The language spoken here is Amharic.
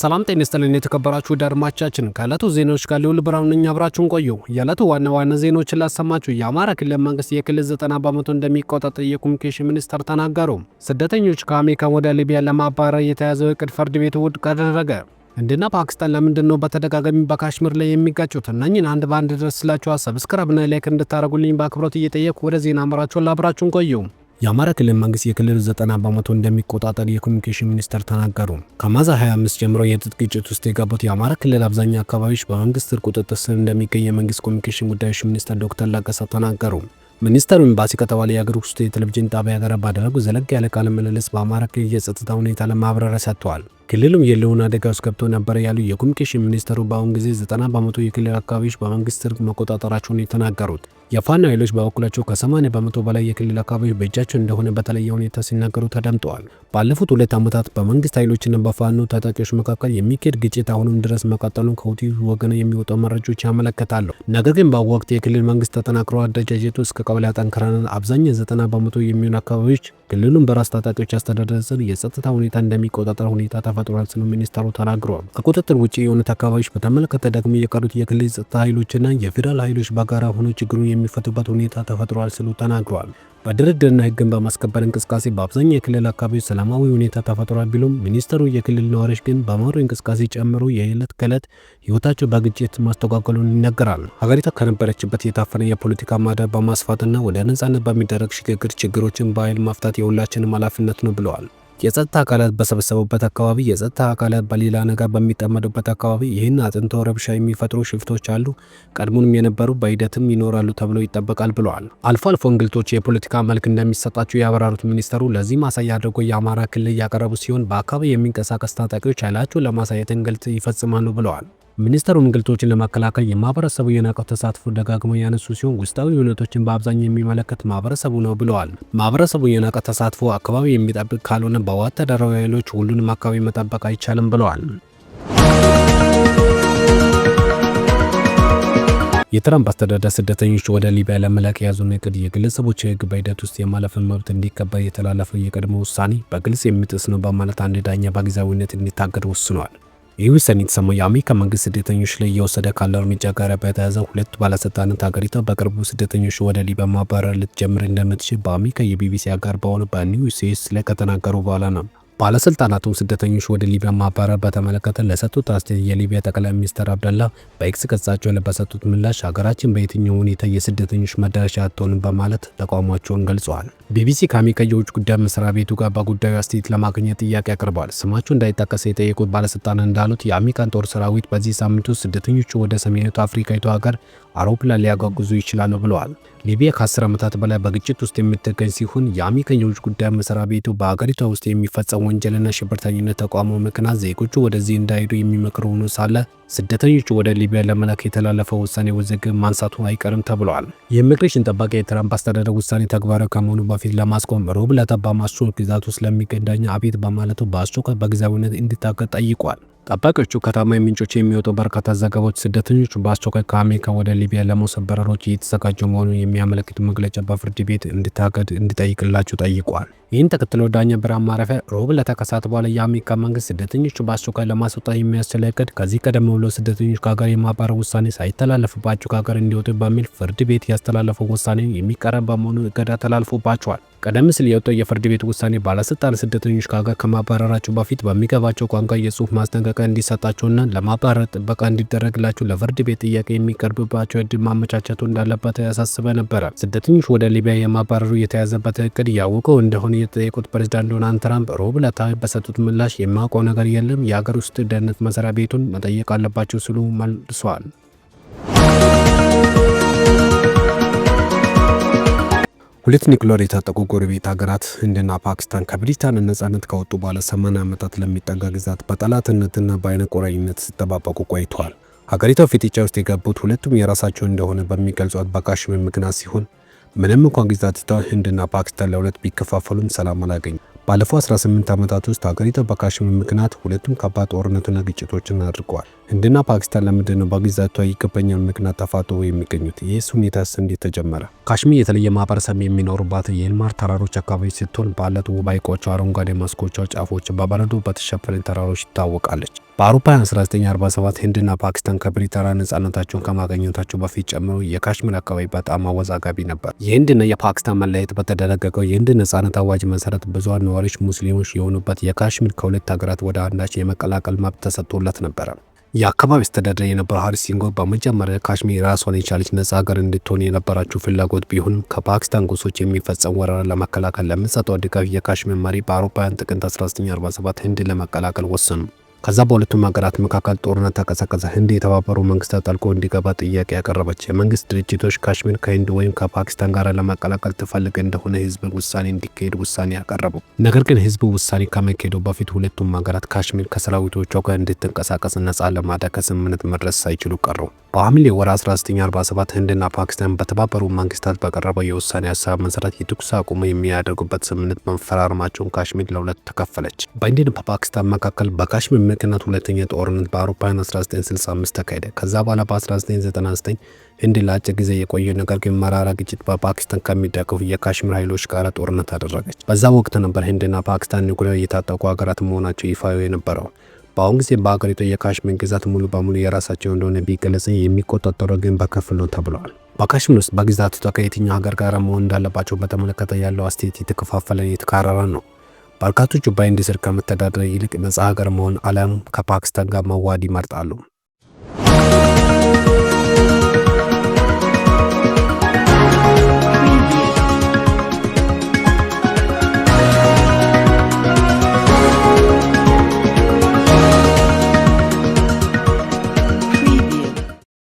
ሰላም ጤና ይስጥልን የተከበራችሁ ውድ አድማጮቻችን፣ ከዕለቱ ዜናዎች ጋር ልዑል ብርሃኑ ነኝ። አብራችሁን ቆዩ። የዕለቱ ዋና ዋና ዜናዎችን ላሰማችሁ። የአማራ ክልል መንግስት የክልል 90 በመቶ እንደሚቆጣጠር የኮሚኒኬሽን ሚኒስተር ተናገሩ። ስደተኞች ከአሜሪካ ወደ ሊቢያ ለማባረር የተያዘው እቅድ ፍርድ ቤት ውድቅ አደረገ። ህንድና ፓኪስታን ለምንድን ነው በተደጋጋሚ በካሽሚር ላይ የሚጋጩት? እነኝን አንድ በአንድ ድረስ ስላችኋ ሰብስክራብና ላይክ እንድታደረጉልኝ በአክብሮት እየጠየቅኩ ወደ ዜና አምራችሁን ላብራችሁን ቆዩ። የአማራ ክልል መንግስት የክልል 90 በመቶ እንደሚቆጣጠር የኮሚኒኬሽን ሚኒስተር ተናገሩ። ከማዛ 25 ጀምሮ የትጥቅ ግጭት ውስጥ የገቡት የአማራ ክልል አብዛኛው አካባቢዎች በመንግስት ስር ቁጥጥር ስር እንደሚገኝ የመንግስት ኮሚኒኬሽን ጉዳዮች ሚኒስተር ዶክተር ለገሰ ተናገሩ። ሚኒስተሩ ኤምባሲ ከተባለ የአገር ውስጥ የቴሌቪዥን ጣቢያ ጋር ባደረጉ ዘለግ ያለ ቃለ ምልልስ በአማራ ክልል የጸጥታ ሁኔታ ለማብራሪያ ሰጥተዋል። ክልሉም የለውን አደጋ ውስጥ ገብቶ ነበረ ያሉ የኮሚኒኬሽን ሚኒስተሩ በአሁኑ ጊዜ 90 በመቶ የክልል አካባቢዎች በመንግስት ስር መቆጣጠራቸውን የተናገሩት የፋኖ ኃይሎች በበኩላቸው ከ80 በመቶ በላይ የክልል አካባቢዎች በእጃቸው እንደሆነ በተለየ ሁኔታ ሲናገሩ ተደምጠዋል። ባለፉት ሁለት ዓመታት በመንግስት ኃይሎችና በፋኖ ታጣቂዎች መካከል የሚካሄድ ግጭት አሁንም ድረስ መቀጠሉን ከሁቲ ወገን የሚወጣው መረጃዎች ያመለከታሉ። ነገር ግን በአሁኑ ወቅት የክልል መንግስት ተጠናክሮ አደረጃጀቱ እስከ ቀበሌ አጠንክረናል፣ አብዛኛው ዘጠና በመቶ የሚሆኑ አካባቢዎች ክልሉን በራስ ታጣቂዎች አስተዳደር ስር የጸጥታ ሁኔታ እንደሚቆጣጠር ሁኔታ ተፈጥሯል ሲሉ ሚኒስተሩ ተናግረዋል። ከቁጥጥር ውጭ የሆኑት አካባቢዎች በተመለከተ ደግሞ የቀሩት የክልል ጸጥታ ኃይሎችና የፌዴራል ኃይሎች በጋራ ሆኖ ችግሩን የሚፈቱበት ሁኔታ ተፈጥሯል ሲሉ ተናግረዋል። በድርድርና ህግን በማስከበር እንቅስቃሴ በአብዛኛው የክልል አካባቢዎች ሰላማዊ ሁኔታ ተፈጥሯል ቢሉም ሚኒስተሩ የክልል ነዋሪዎች ግን በማሮ እንቅስቃሴ ጨምሮ የዕለት ከዕለት ህይወታቸው በግጭት ማስተጓገሉን ይነገራል። ሀገሪቷ ከነበረችበት የታፈነ የፖለቲካ ማደር በማስፋትና ወደ ነጻነት በሚደረግ ሽግግር ችግሮችን በኃይል ማፍታት የሁላችንም ኃላፊነት ነው ብለዋል። የጸጥታ አካላት በሰበሰቡበት አካባቢ፣ የጸጥታ አካላት በሌላ ነገር በሚጠመዱበት አካባቢ ይህን አጥንቶ ረብሻ የሚፈጥሩ ሽፍቶች አሉ፣ ቀድሞንም የነበሩ በሂደትም ይኖራሉ ተብሎ ይጠበቃል ብለዋል። አልፎ አልፎ እንግልቶች የፖለቲካ መልክ እንደሚሰጣቸው ያበራሩት ሚኒስተሩ ለዚህ ማሳያ አድርጎ የአማራ ክልል ያቀረቡ ሲሆን በአካባቢ የሚንቀሳቀስ ታጣቂዎች ኃይላቸውን ለማሳየት እንግልት ይፈጽማሉ ብለዋል። ሚኒስተሩ እንግልቶችን ለመከላከል የማህበረሰቡ የናቀው ተሳትፎ ደጋግሞ ያነሱ ሲሆን ውስጣዊ እውነቶችን በአብዛኛው የሚመለከት ማህበረሰቡ ነው ብለዋል። ማህበረሰቡ የናቀ ተሳትፎ አካባቢ የሚጠብቅ ካልሆነ በወታደራዊ ኃይሎች ሁሉንም አካባቢ መጠበቅ አይቻልም ብለዋል። የትራምፕ አስተዳደር ስደተኞች ወደ ሊቢያ ለመላክ የያዙን እቅድ የግለሰቦች የህግ በሂደት ውስጥ የማለፍን መብት እንዲከበር የተላለፈው የቀድሞ ውሳኔ በግልጽ የሚጥስ ነው በማለት አንድ ዳኛ በጊዜያዊነት እንዲታገድ ወስኗል። ይህ ሰኒት የተሰማው የአሜሪካ መንግስት ስደተኞች ላይ እየወሰደ ካለው እርምጃ ጋር በተያያዘ ሁለቱ ባለስልጣናት ሀገሪቷ በቅርቡ ስደተኞች ወደ ሊቢያ ማባረር ልትጀምር እንደምትችል በአሜሪካ የቢቢሲ አጋር በሆነ በኒው ሴስ ላይ ከተናገሩ በኋላ ነው። ባለስልጣናቱም ስደተኞች ወደ ሊቢያ ማባረር በተመለከተ ለሰጡት አስተያየት የሊቢያ ጠቅላይ ሚኒስትር አብደላ በኤክስ ገጻቸው ላይ በሰጡት ምላሽ ሀገራችን በየትኛው ሁኔታ የስደተኞች መዳረሻ አትሆንም በማለት ተቃውሟቸውን ገልጸዋል። ቢቢሲ ከአሜሪካ የውጭ ጉዳይ መስሪያ ቤቱ ጋር በጉዳዩ አስተያየት ለማግኘት ጥያቄ አቅርበዋል። ስማቸው እንዳይጠቀስ የጠየቁት ባለስልጣን እንዳሉት የአሜሪካን ጦር ሰራዊት በዚህ ሳምንት ውስጥ ስደተኞቹ ወደ ሰሜናዊቱ አፍሪካዊቱ ሀገር አውሮፕላን ሊያጓጉዙ ይችላሉ ብለዋል። ሊቢያ ከ10 ዓመታት በላይ በግጭት ውስጥ የምትገኝ ሲሆን የአሜሪካን የውጭ ጉዳይ መስሪያ ቤቱ በአገሪቷ ውስጥ የሚፈጸም ወንጀልና ሽብርተኝነት ተቋሙ ምክንያት ዜጎቹ ወደዚህ እንዳይሄዱ የሚመክር ሆኖ ሳለ ስደተኞች ወደ ሊቢያ ለመላክ የተላለፈው ውሳኔ ውዝግብ ማንሳቱ አይቀርም ተብሏል። የኢሚግሬሽን ጠባቂ የትራምፕ አስተዳደር ውሳኔ ተግባራዊ ከመሆኑ በፊት ለማስቆም ሮብ ዕለት ግዛት ውስጥ ለሚገኝ ዳኛ አቤት በማለቱ በአስቸኳይ በጊዜያዊነት እንዲታገድ ጠይቋል። ጠባቂዎቹ ከታማኝ ምንጮች የሚወጡ በርካታ ዘገባዎች ስደተኞች በአስቸኳይ ከአሜሪካ ወደ ሊቢያ ለመውሰድ በረሮች እየተዘጋጁ መሆኑን የሚያመለክት መግለጫ በፍርድ ቤት እንድታገድ እንዲጠይቅላቸው ጠይቋል። ይህን ተከትሎ ዳኛ ብርሃን ማረፊያ ሮብ ለተከሳት በኋላ የአሜሪካ መንግስት ስደተኞቹ በአስቸኳይ ለማስወጣት የሚያስችል እቅድ ከዚህ ቀደም ብሎ ስደተኞች ከሀገር የማባረር ውሳኔ ሳይተላለፍባቸው ከሀገር እንዲወጡ በሚል ፍርድ ቤት ያስተላለፈው ውሳኔ የሚቀረብ በመሆኑ እገዳ ተላልፎባቸዋል። ቀደም ሲል የወጣው የፍርድ ቤት ውሳኔ ባለስልጣን ስደተኞች ከሀገር ከማባረራቸው በፊት በሚገባቸው ቋንቋ የጽሁፍ ማስጠንቀቂያ እንዲሰጣቸውና ለማባረር ጥበቃ እንዲደረግላቸው ለፍርድ ቤት ጥያቄ የሚቀርብባቸው እድል ማመቻቸቱ እንዳለበት ያሳስበ ነበረ። ስደተኞች ወደ ሊቢያ የማባረሩ የተያዘበት እቅድ ያወቀው እንደሆነ የተጠየቁት ፕሬዚዳንት ዶናልድ ትራምፕ ሮብ በሰጡት ምላሽ የማውቀው ነገር የለም፣ የሀገር ውስጥ ደህንነት መስሪያ ቤቱን መጠየቅ አለባቸው ሲሉ መልሷል። ሁለት ኒውክሌር የታጠቁ ጎረቤት ሀገራት ህንድና ፓኪስታን ከብሪታን ነጻነት ከወጡ በኋላ 80 ዓመታት ለሚጠጋ ግዛት በጠላትነትና በአይነ ቆራኝነት ሲጠባበቁ ቆይተዋል። ሀገሪቷ ፍጥጫ ውስጥ የገቡት ሁለቱም የራሳቸው እንደሆነ በሚገልጿት በካሽሚር ምክንያት ሲሆን ምንም እንኳን ግዛቲቷ ህንድና ፓኪስታን ለሁለት ቢከፋፈሉም ሰላም አላገኙም። ባለፈው 18 ዓመታት ውስጥ ሀገሪቱ በካሽሚር ምክንያት ሁለቱም ከባድ ጦርነትና ግጭቶችን አድርገዋል። ህንድና ፓኪስታን ለምንድን ነው በግዛቷ ይገባኛል ምክንያት ተፋጠው የሚገኙት? ይህ ሁኔታስ እንዴት ተጀመረ? ካሽሚር የተለየ ማህበረሰብ የሚኖሩባት የሂማር ተራሮች አካባቢ ስትሆን ባላት ውብ ሐይቆቿ፣ አረንጓዴ መስኮቿ፣ ጫፎች በበረዶ በተሸፈነ ተራሮች ይታወቃለች። በአውሮፓውያን 1947 ህንድና ፓኪስታን ከብሪታንያ ነጻነታቸውን ከማገኘታቸው በፊት ጨምሮ የካሽሚር አካባቢ በጣም አወዛጋቢ ነበር። የህንድና የፓኪስታን መለያየት በተደነገገው የህንድ ነጻነት አዋጅ መሰረት ብዙሀን ነዋሪዎች ሙስሊሞች የሆኑበት የካሽሚር ከሁለት ሀገራት ወደ አንዳች የመቀላቀል መብት ተሰጥቶለት ነበረ። የአካባቢ አስተዳደር የነበረው ሀሪስ ሲንጎ በመጀመሪያ ካሽሚር ራሷን የቻለች ነጻ ሀገር እንድትሆን የነበራቸው ፍላጎት ቢሆንም ከፓኪስታን ጎሶች የሚፈጸም ወረራ ለመከላከል ለምንሰጠው ድጋፍ የካሽሚር መሪ በአውሮፓውያን ጥቅምት 1947 ህንድ ለመቀላቀል ወሰኑ። ከዛ በሁለቱም ሀገራት መካከል ጦርነት ተቀሰቀሰ። ህንድ የተባበሩ መንግስታት ጣልቆ እንዲገባ ጥያቄ ያቀረበች። የመንግስት ድርጅቶች ካሽሚር ከህንድ ወይም ከፓኪስታን ጋር ለመቀላቀል ትፈልግ እንደሆነ ህዝብ ውሳኔ እንዲካሄድ ውሳኔ ያቀረቡ። ነገር ግን ህዝብ ውሳኔ ከመካሄዱ በፊት ሁለቱም ሀገራት ካሽሚር ከሰራዊቶቿ ጋር እንድትንቀሳቀስ ነጻ ለማድረግ ከስምምነት መድረስ ሳይችሉ ቀረው። በሐምሌ ወር 1947 ህንድና ፓኪስታን በተባበሩ መንግስታት በቀረበው የውሳኔ ሀሳብ መሰረት የተኩስ አቁም የሚያደርጉበት ስምምነት መፈራረማቸውን ካሽሚር ለሁለት ተከፈለች። በኢንዲያና በፓኪስታን መካከል በካሽሚር ምክንያት ሁለተኛ ጦርነት በአውሮፓውያን 1965 ተካሄደ። ከዛ በኋላ በ1999 ህንድ ለአጭር ጊዜ የቆየ ነገር ግን መራራ ግጭት በፓኪስታን ከሚደግፉ የካሽሚር ኃይሎች ጋር ጦርነት አደረገች። በዛ ወቅት ነበር ህንድና ፓኪስታን ኒውክሌር የታጠቁ ሀገራት መሆናቸው ይፋ የነበረው። በአሁን ጊዜ በሀገሪቱ የካሽ መንግዛት ሙሉ በሙሉ የራሳቸው እንደሆነ ቢገለጽ የሚቆጣጠረው ግን በከፊል ነው ተብለዋል። በካሽም ውስጥ በግዛቷ ከየትኛው ሀገር ጋር መሆን እንዳለባቸው በተመለከተ ያለው አስተያየት የተከፋፈለ የተካረረ ነው። በርካቶቹ በህንድ ስር ከመተዳደር ይልቅ ነጻ ሀገር መሆን አለም ከፓኪስታን ጋር መዋሃድ ይመርጣሉ።